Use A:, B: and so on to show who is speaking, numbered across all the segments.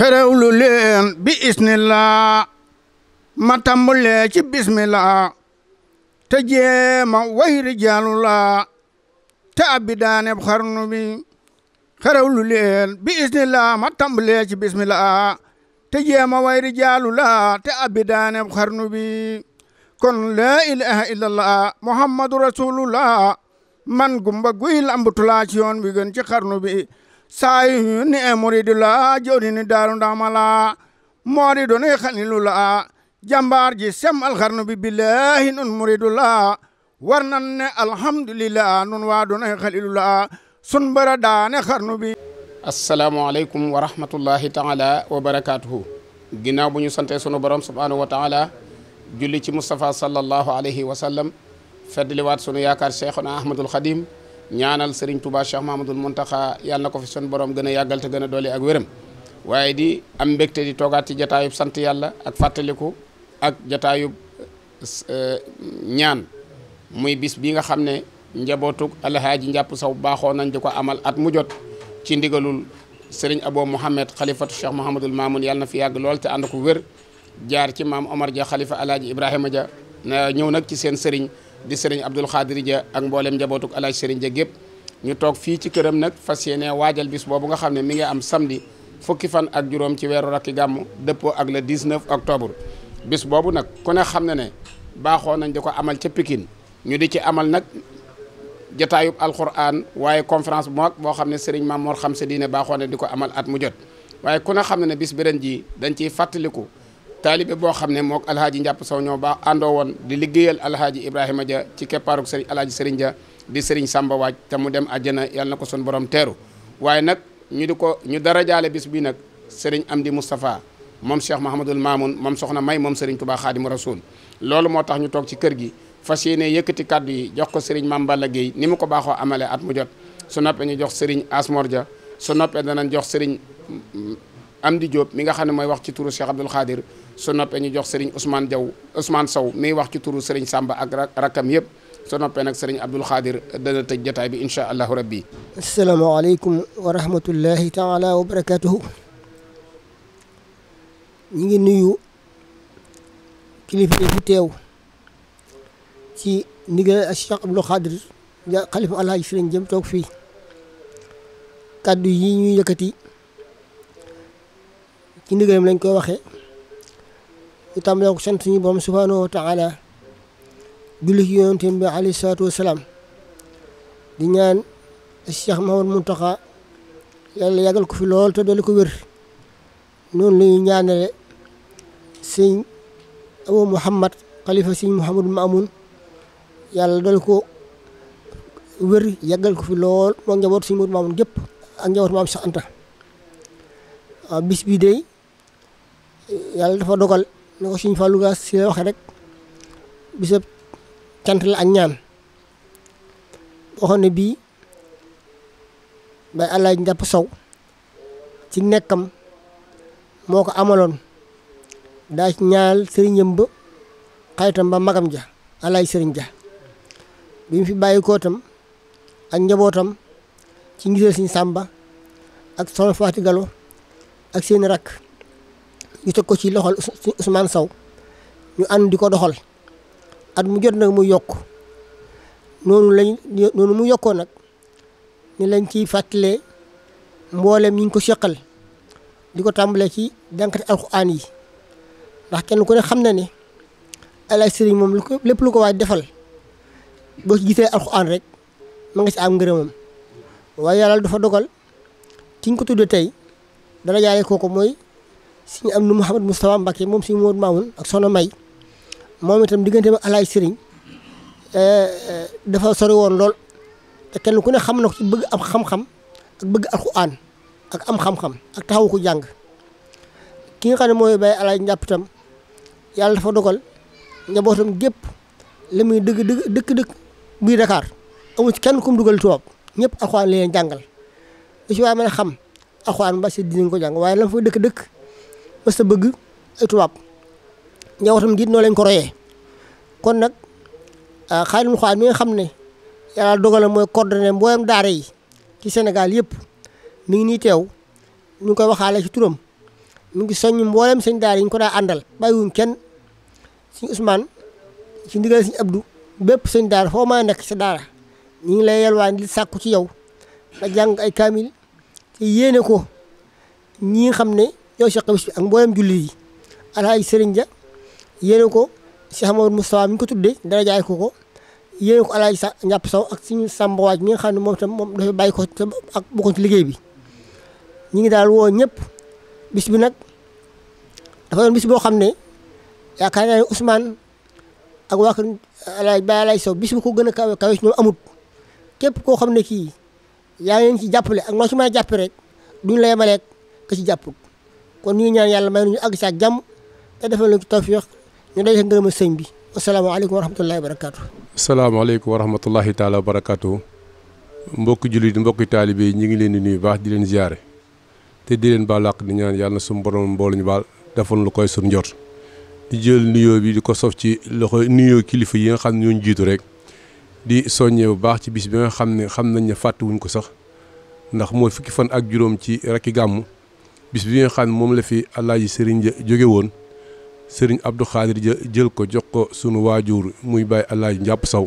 A: xerewlu leen bi isnillah ma tàmbalee ci bismillah te jéema way rijaalullah te abbi daaneb xarnu bi xerewlu leen bi isnillah ma tàmbalee ci bismillah te jéema way rijaalullah te abbi daaneb xarnu bi kon laa ilaha illallah muhammadu rasulullah man gumba guy lambutulaa ci yoon bi gën ci xarnu bi sayi ni e muridu la joni ni daru ndamala mori do ni khalilu la jambar ji sem al kharnu bi billahi nun muridu la warnan ne
B: alhamdulillah
A: nun wa do ni khalilu la sun bara da ne kharnu bi assalamu alaikum wa rahmatullahi ta'ala wa barakatuhu ginnaaw bu ñu sante sunu borom subhanahu wa ta'ala ci mustafa sallallahu alayhi wa sallam feddliwaat sunu yaakaar cheikhuna ahmadul khadim ñaanal Serigne Touba Cheikh Mahamadoul Mountakha yàlla na ko fi sun borom gën a yàggal gën a doole ak wéram waaye di am mbégte di toogaat ci jataayub sant yàlla ak fàttaliku ak jataayub eh, ñaan muy bis bii nga xam ne njabootug alhaaji njàpp saw baaxoo nañ di ko amal at mu jot ci ndigalul Serigne Abo Mouhamed xalifatu Cheikh Mahamadoul Mamoun yàlla na fi yàgg lool te ànd ko wér jaar ci maam Omar Dia xalifa alhaaji Ibrahima ja ñëw nag ci seen sëriñ di sëriñ Abdul Xaadir ja ak mboolem njabootuk alaaj sëriñ ja gépp ñu toog fii ci këram nag fas yéene waajal bis boobu nga xam ne mi ngi am samedi fukki fan ak juróom ci weeru rakki gàmmu dëppoo ak le 19 octobre bis boobu nag ku ne xam ne ne baaxoo nañ di ko amal ca pikin ñu di ci amal nag jataayub alquran waaye conférence bu mag boo xam ne sëriñ Maam Mor xam sa diine baaxoo ne di ko amal at mu jot waaye ku ne xam ne ne bis bi jii dañ ciy fàttaliku taalibe boo xam ne mook alhaaji njàpp saw ñoo baax àndoo woon di liggéeyal alhaaji ibrahima ja ci keppaaruk sëriñ alhaaji sëriñ ja di sëriñ sàmba waaj te mu dem àjjana yàlla na ko sun borom teeru waaye nag ñu di ko ñu darajaale bis bi nag sëriñ amdi moustapha moom cheikh mahamadul mamoun moom soxna may moom sëriñ tubaa xaadimu rasul loolu moo tax ñu toog ci kër gi fas yéene yëkkati kàddu yi jox ko sëriñ Mame Balla Gueye ni mu ko baaxoo amalee at mu jot su noppee ñu jox sëriñ Asmor Dia su noppee danañ jox sëriñ Amdi Diop mi nga xam ne mooy wax ci turu Cheikh Abdoul Khadir su noppee ñu jox Serigne Ousmane Diaw Ousmane Sow miy wax ci turu sëriñ sàmba ak rakkam yëpp su noppee nag Serigne Abdoul Khadir dana tëj jotaay bi incha allahu rabbi.
C: asalaamaaleykum wa rahmatullahi taala wa barakaatuhu. ñu ngi nuyu kilifa yi fi teew ci ndigal ak Cheikh Abdoul Khadir ja xalifa alhaji Serigne jëm toog fii kàddu yi ñuy yëkkati ci ndigalam lañ koy waxee. itam ko sant suñu borom subhaanahu wa taala julli ci yonentam bi alayhi salaatu wa salaam di ñaan Cheikh Mahamad Muntaxa yàlla yàggal ko fi lool te doole ko wér noonu la ñuy ñaanale sëñ Abu Muhammad xalifa sëñ Muhammad Maamun yàlla doole ko wér ko fi lool moo njaboot sëñ Muhammad Maamun gépp ak njaboot maam Cheikh Anta bis bi day dafa dogal na ko suñ Fallou Gass si rek bisab cant la ak ñaan boo xam ne bii bay àllaaj njàpp saw ci nekkam moo ko amaloon daa ci ñaal sëriñam ba ba magam ja àllaaj sëriñ ja bi fi bàyyi koo tam ak njabootam ci ngiseel siñ sàmba ak soxna Faati Galo ak seeni rakk ñu teg ko ci loxol usmaan saw ñu ànd di ko doxal at mu jot nag mu yokk noonu lañ noonu mu yokkoo nag ni lañ ciy fàttalee mboolem ñi ko seqal di ko tàmbalee ci jànkati alxuraan yi ndax kenn ku ne xam na ne alaaj sëriñ moom lu ko lépp lu ko waay defal boo ci gisee alxuraan rek ma nga ci am ngërëmam waaye yàlla dafa dogal ki ko tuddee tey dara jaaree kooku mooy. suñu am nu Mouhamed Moustapha Mbacke moom si suñu Mouhamed Mamoun ak soxna May moom itam diggante ba alaaj sëriñ eh, eh, dafa sori woon lool kenn ku ne xam na ko ci bëgg am xam-xam ak bëgg ak am xam-xam ak taxawu ko jàng ki nga xam ne mooy bay alaaj njàpp itam yàlla dafa dogal njabootam gépp la muy dëgg dëgg dëkk-dëkk biir Dakar amul ci kenn ku mu dugal tubaab ñëpp alxuraan la leen jàngal lu ci waaye mën a xam alxuraan ba si dinañ ko jàng waaye la mu dëkk-dëkk mës a bëgg ay tubaab njabootam gi noo leen ko royee kon nag ah, xaalimu xaal mi nga xam ne yàlla dogal na mooy mbooyam daara yi ci senegal yëpp mi ngi nii teew ñu ngi koy waxaale ci turam mu ngi soññ mboolem seen daara yi ñu ko daa àndal bàyyiwuñ kenn suñ Ousmane ci ndigal suñu Abdou bépp seen daara foo may nekk sa daara ñu ngi lay yalwaan di sàkku ci yow nga jàng ay kaamil te yéene ko ñi nga xam ne ñoo Cheikh Xabis bi ak mboolem jullit yi alaaji Sëriñ Ja yéene ko Cheikh Amadou Moustapha mi ko tuddee dara jaay ko ko yéene ko alaaji sa njàpp saw ak suñu sàmbawaaj mi nga xam ne moom tam moom dafa bàyyi ko ak bokkoon ci liggéey bi ñu ngi daal woo ñëpp bis bi nag dafa doon bis boo xam ne yaakaar naa ne Ousmane ak waa kër Alaaji Baye Alaaji bis bu ko gën a kawe kawe si ñoom amut képp koo xam ne kii yaa ngi leen ci jàppale ak noo ci mën a jàppee rek duñ la yemaleeg ka ci jàppul kon ñu ñaan yàlla may ñu àgg si ak jàmm te defal ñu ci tawfiix ñu day ngërëma sëñ bi asalaamaaleykum wa rahmatullahi wa barakaatu.
B: asalaamaaleykum wa rahmatullahi taala wa barakaatu. mbokki jullit mbokki taalibe yi ñu ngi leen di nuyu baax di leen ziare te di leen baal àq di ñaan yàlla na suñu borom mboolu ñu baal defal lu koy suñu njort di jël nuyoo bi di ko sof ci loxo nuyoo kilifa yi nga xam ne ñoo jiitu rek di soññee bu baax ci bis bi nga xam ne xam nañ ne fàttewuñ ko sax ndax mooy fukki fan ak juróom ci rakki gàmmu bis bi nga xam ne moom la fi alaaji sëriñ jóge woon sëriñ Abdou ja jël ko jox ko sunu waajur muy bàyyi alaaji njàpp saw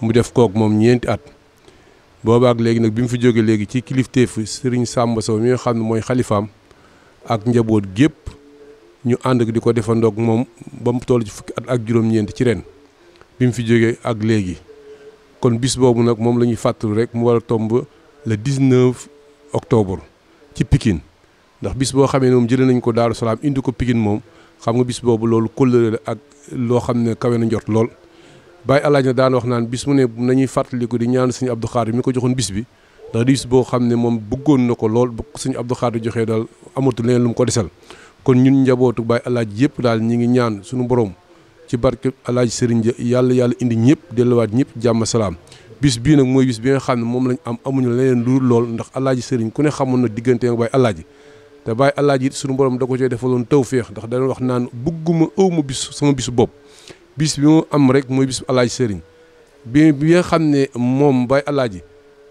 B: mu def kook moom ñeenti at boobaak léegi nag bi mu fi jóge léegi ci kilifteefu sëriñ sàmba Sow mi nga xam ne mooy xalifaam ak njaboot gépp ñu ànd ak di ko defandoog moom ba mu toll ci fukki at ak juróom-ñeent ci ren bi mu fi jóge ak léegi kon bis boobu nag moom la ñuy fàttalu rek mu war tomb le 19 octobre ci pikin ndax bis boo xamee ne moom jëlee nañ ko Daaru Salaam indi ko Pikine moom xam nga bis boobu loolu kóllëre ak loo xam ne kawe na njort lool Baye Alaaji na daan wax naan bis mu ne nañuy fàttaliku di ñaan suñu Abdou Khadre ko joxoon bis bi ndax di bis boo moom bëggoon na ko lool bu suñu Abdou Khadre joxee daal amatul leneen lu mu ko desal kon ñun njabootu Baye Alaaji yëpp daal ñi ngi ñaan suñu borom ci barke Alaaji Sëriñ yàlla yàlla indi ñëpp delluwaat ñëpp jàmm salaam bis bii nag mooy bis bi nga xam ne moom lañ am amuñu leneen lu lool ndax Alaaji Sëriñ ku ne xamoon na diggante ak Baye te bàyyi alaaji it sunu borom da ko cee defaloon tawféex ndax dana wax naan bugguma ëwma bis sama bisu bopp bis bi mu am rek mooy bisu alaaji sëriñ bi bi nga xam ne moom bàyyi alaaji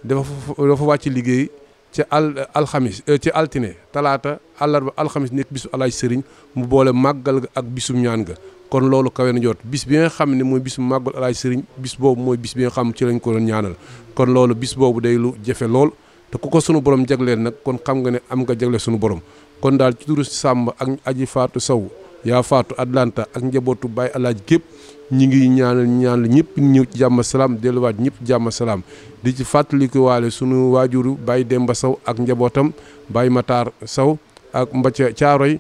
B: dafa dafa wàcc liggéey ci al alxamis euh, ci altine talaata àllarba alxamis nekk bisu alaaji sëriñ mu boole màggal ak bisum ñaan ga kon loolu kawe na jot bis bi nga xam ne mooy bisu màggal alaaji sëriñ bis boobu mooy bis bi nga xam ci lañ ko doon ñaanal kon loolu bis boobu day lu jafe lool te ku ko sunu borom jagleel nag kon xam nga ne am nga jagle sunu borom kon daal ci turu sàmm ak aji faatu saw yaa faatu Atlanta ak njabootu Baye Alaaj képp ñi ngi ñaan ñaanal ñëpp ñëw ci jàmm salaam delluwaat ñëpp jàmm salaam di ci fàttaliku waale sunu waajuru Baye Demba Saw ak njabootam Baye mataar Saw ak Mbathia Thiaroy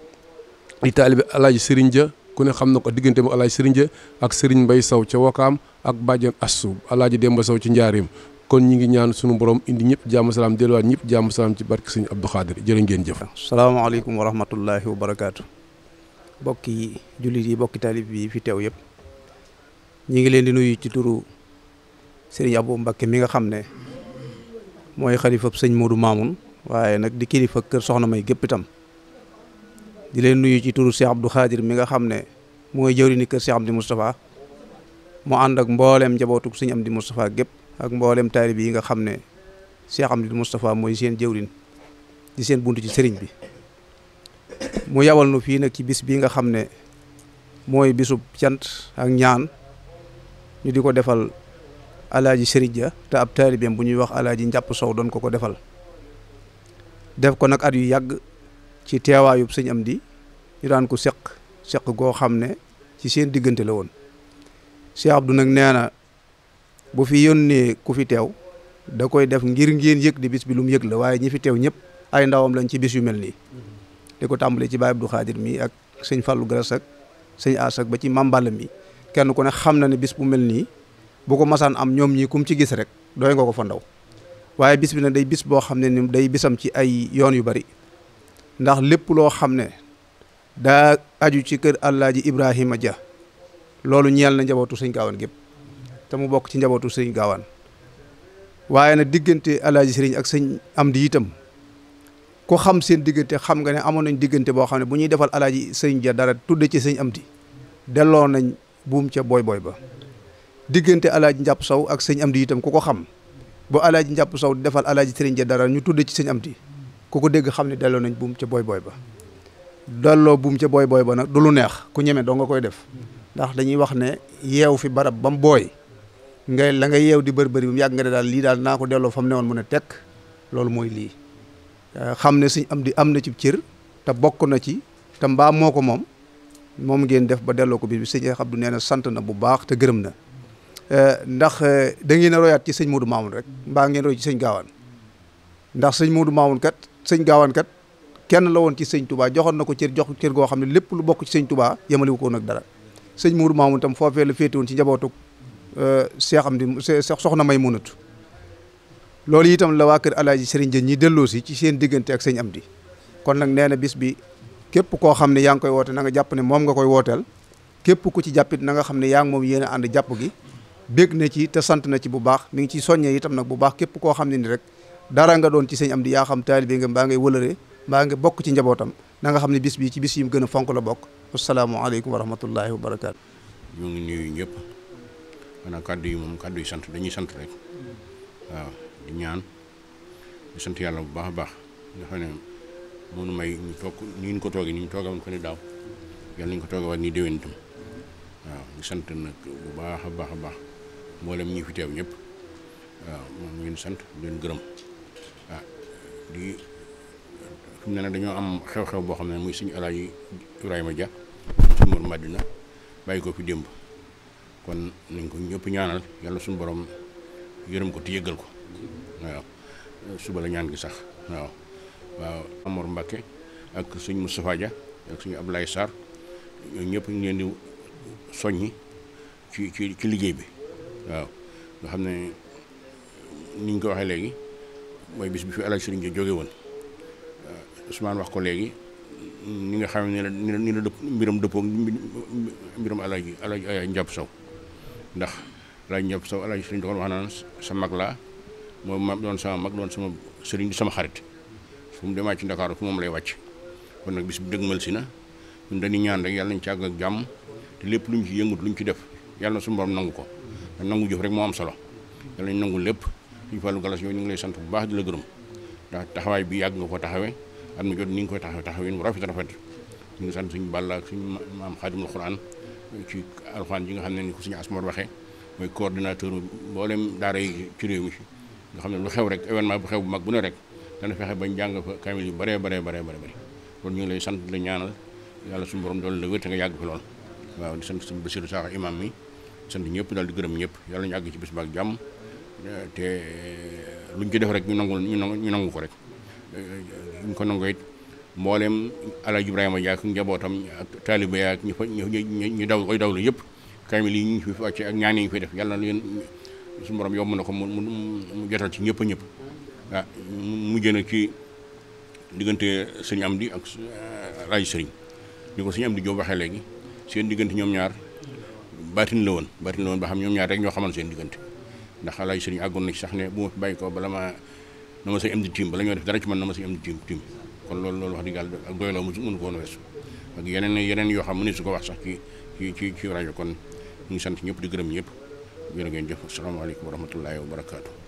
B: di taalibe Alaaji Sëriñ Ja ku ne xam na ko diggante mu Alaaji Sëriñ Ja ak Sëriñ Mbay Saw ca Wakaam ak bàjjen Assu Alaaji Demba Saw ci njaareem kon ñi ngi ñaan sunu borom indi ñëpp jàmm salaam delluwaat ñëpp jàmm salaam ci barke sëñ Abdou Khadir jërë ngeen jëf.
D: salaamaaleykum wa rahmatullahi wa barakaatu. bokki jullit yi bokki taalib yi fi teew yëpp. ñi ngi leen di nuyu ci turu sëriñ Abou Mbacké mi nga xam ne mooy xalifab sëñ waaye nag di kilifa kër soxna may gépp itam di leen nuyu ci turu Cheikh Abdou mi nga xam ne mooy jëwriñu kër Cheikh Amdi Moustapha mu ànd ak mbooleem njabootug sëñ Amdi Moustapha gépp ak mboolem taalib yi nga xam ne Cheikh Amadou Moustapha mooy seen jëwrin di seen bunt ci sëriñ bi mu yawal nu fii nag ci bis bi nga xam ne mooy bisub cant ak ñaan ñu di ko defal alaaji sëriñ ja te ab taalibeem bu ñuy wax alaaji njàpp sow doon ko ko defal def ko nag at yu yàgg ci teewaayub sëñ am di ñu daan ko seq seq goo xam ne ci seen diggante la woon Cheikh Abdou nag nee bu fi yónnee ku fi teew da koy def ngir ngeen yëg di bis bi lu yëg la waaye ñi fi teew ñëpp ay ndawam lañ ci bis yu mel nii di ko tàmbalee ci Baye Abdou Khadir mi ak sëñ Fallou Gras sëñ asak ba ci màmbal mi kenn ku ne xam na ne bis bu mel nii bu ko masaan am ñoom ñii kum ci gis rek doy nga ko fa ndaw waaye bis bi nag day bis boo xam ne ni day bisam ci ay yoon yu bari ndax lépp loo xam ne daa aju ci kër Alaaji Ibrahima Dia loolu ñeel na njabootu sëñ Kaawan gépp te mu bokk ci njabootu sëñ gaawaan waaye nag diggante alaaji sëriñ ak sëñ am di itam ku xam seen diggante xam nga ne amoon nañ diggante boo xam ne bu ñuy defal alaaji sëñ ja dara tudde ci sëñ am di delloo nañ buum ca booy booy ba diggante alaaji njàpp saw ak sëñ am ku ko xam bu alaaji njàpp saw defal alaaji sëriñ ja dara ñu tudd ci sëñ am di ku ko dégg xam ne delloo nañ buum ca booy booy ba delloo buum ca booy booy ba nag du lu neex ku ñeme doo nga koy def ndax dañuy wax ne yeew fi barab ba mu booy ngay la nga yeew di bëri bëri mu yàgg nga ne daal lii daal naa ko delloo fa mu newoon mu ne tekk loolu mooy lii euh, xam ne suñ am di am na ci cër te bokk na ci te mbaa moo ko moom moom ngeen def ba delloo ko bi sëñ Abdou nee na sant na bu baax te gërëm na euh, ndax euh, da ngeen a ci sëñ Modou Mamoun rek mbaa ngeen ci sëñ Gaawaan ndax sëñ Modou Mamoun sëñ Gaawaan kat kenn la woon ci sëñ Touba joxoon na ko cër jox cër goo xam ne lépp lu bokk ci sëñ Touba yemaliwu ko nag dara sëñ Modou Mamoun tam foofee la ci njabootu Euh, Cheikh Amdi soxna may munatu loolu itam la waa kër alaaji Serigne Dieng ñi delloo si ci seen diggante ak am Amdi kon nag nee na bis bi képp koo xam ne yaa ngi koy woote nanga jàpp ne moom nga koy wooteel képp ku ci jàppit na nga xam ne yaa ngi moom yéen a ànd jàpp gi bég na ci te sant na ci bu baax mi ngi ciy soññee itam nag bu baax képp koo xam ne ni rek dara nga doon ci am Amdi yaa xam taalibe nga mbaa ngay wëlëre mbaa nga bokk ci njabootam na nga xam ne bis bi ci bis yi mu gën a fonk la bokk asalaamaaleykum wa rahmatullahi wa barakaatu
E: ñu ngi nuyu ñëpp xanaa kàddu yi moom kàddu yi sant dañuy sant rek waaw di ñaan di sant yàlla bu baax a baax nga xam ne moonu may ñu toog nii ñu ko toogee ni ñu toogawoon ko ni daaw yàlla ñu ko toogewaat nii déwén itam waaw di sant nag baax a baax a baax mboolem ñi fi teew sant leen gërëm ah di ne nag dañoo am xew-xew boo xam ne muy suñu alaaji Ibrahima Dia suñu mor Madina bàyyi ko fi démb kon nañ ko ñëpp ñaanal yàlla suñu boroom yërëm ko te yëggal ko waaw suba la ñaan gi sax waaw waaw Amor Mbacke ak suñ Moustapha ak suñu Abdoulaye Sarr ñooñu ñëpp ñu leen di soññi ci ci ci liggéey bi waaw nga xam ne ni ñu waxee léegi mooy bis bi fi alaj sëriñ jóge woon Ousmane wax ko léegi ni nga xam ne ni la ni la dëpp mbiram dëppoog mbiram alaji alaji ay njàpp saw ndax laaj ñëpp sa laaj suñu doon wax naan sa mag laa moo ma doon sama mag doon sama sëriñ di sama xarit fu mu demaat ci Ndakaaru fu moom lay wàcc kon nag bis bu dëgmal si na ñun ñaan rek yàlla nañ ci àgg ak jàmm te lépp lu ñu ci yëngut lu ñu ci def yàlla na suñu borom nangu ko nangu jëf rek moo am solo yàlla nañ nangu lépp suñu fàllu galas yooyu ñu ngi lay sant bu baax di la gërëm ndax taxawaay bi yàgg nga ko taxawee am na jot ni nga koy taxawe taxawin bu rafet rafet ñu ngi sant suñu Balla ak suñu maam xaadimul Quran ci alxuraan ji nga xam ne ni ko suñu asmoor waxee mooy coordinateur mboolem daa yi ci réew mi nga xam ne lu xew rek événement bu xew bu mag bu ne rek dana fexe bañ jàng fa kamil yu baree baree baree bare bëri kon ñu lay sant la ñaanal yàlla suñu borom doon la wér te nga yàgg fi lool waaw di sant suñu Basiru Saaxa imam mi sant ñëpp daal di gërëm ñëpp yàlla ñu àgg ci bis ba ak jàmm te luñ ci def rek ñu nangul ñu nangu ko rek ñu ko nangoo mbooleem Alaaji Ibrahima Ndiaye ak njabootam ak taalibe ak ñu fa ñu daw koy dawlu yëpp kaamil yi ñu fi wàcce ak ñaan yi ñu fi def yàlla na leen suñu borom yomb na ko mu mu jotal ci ñëpp a ñëpp waaw mujj na ci diggante sëñ Amdi ak Alaaji Sëriñ ni ko sëñ di Jóob waxee léegi seen diggante ñoom ñaar baatin la woon baatin la woon ba xam ñoom ñaar rek ñoo xamal seen diggante ndax Alaaji Sëriñ àggoon na ci sax ne bu ma fi bàyyi ko bala ma na ma sëñ Amdi tiim bala ñoo def dara ci man na ma sëñ Amdi tiim tiim kon loolu loolu wax dëgg yàlla ak doy la mu mënu ko woon weesu ak yeneen yeneen yoo xam mënu su ko wax sax ci ci ci ci rajo kon ñu ngi sant ñëpp di gërëm ñëpp jërë ngeen jëf asalaamaaleykum wa rahmatullahi wa barakaatu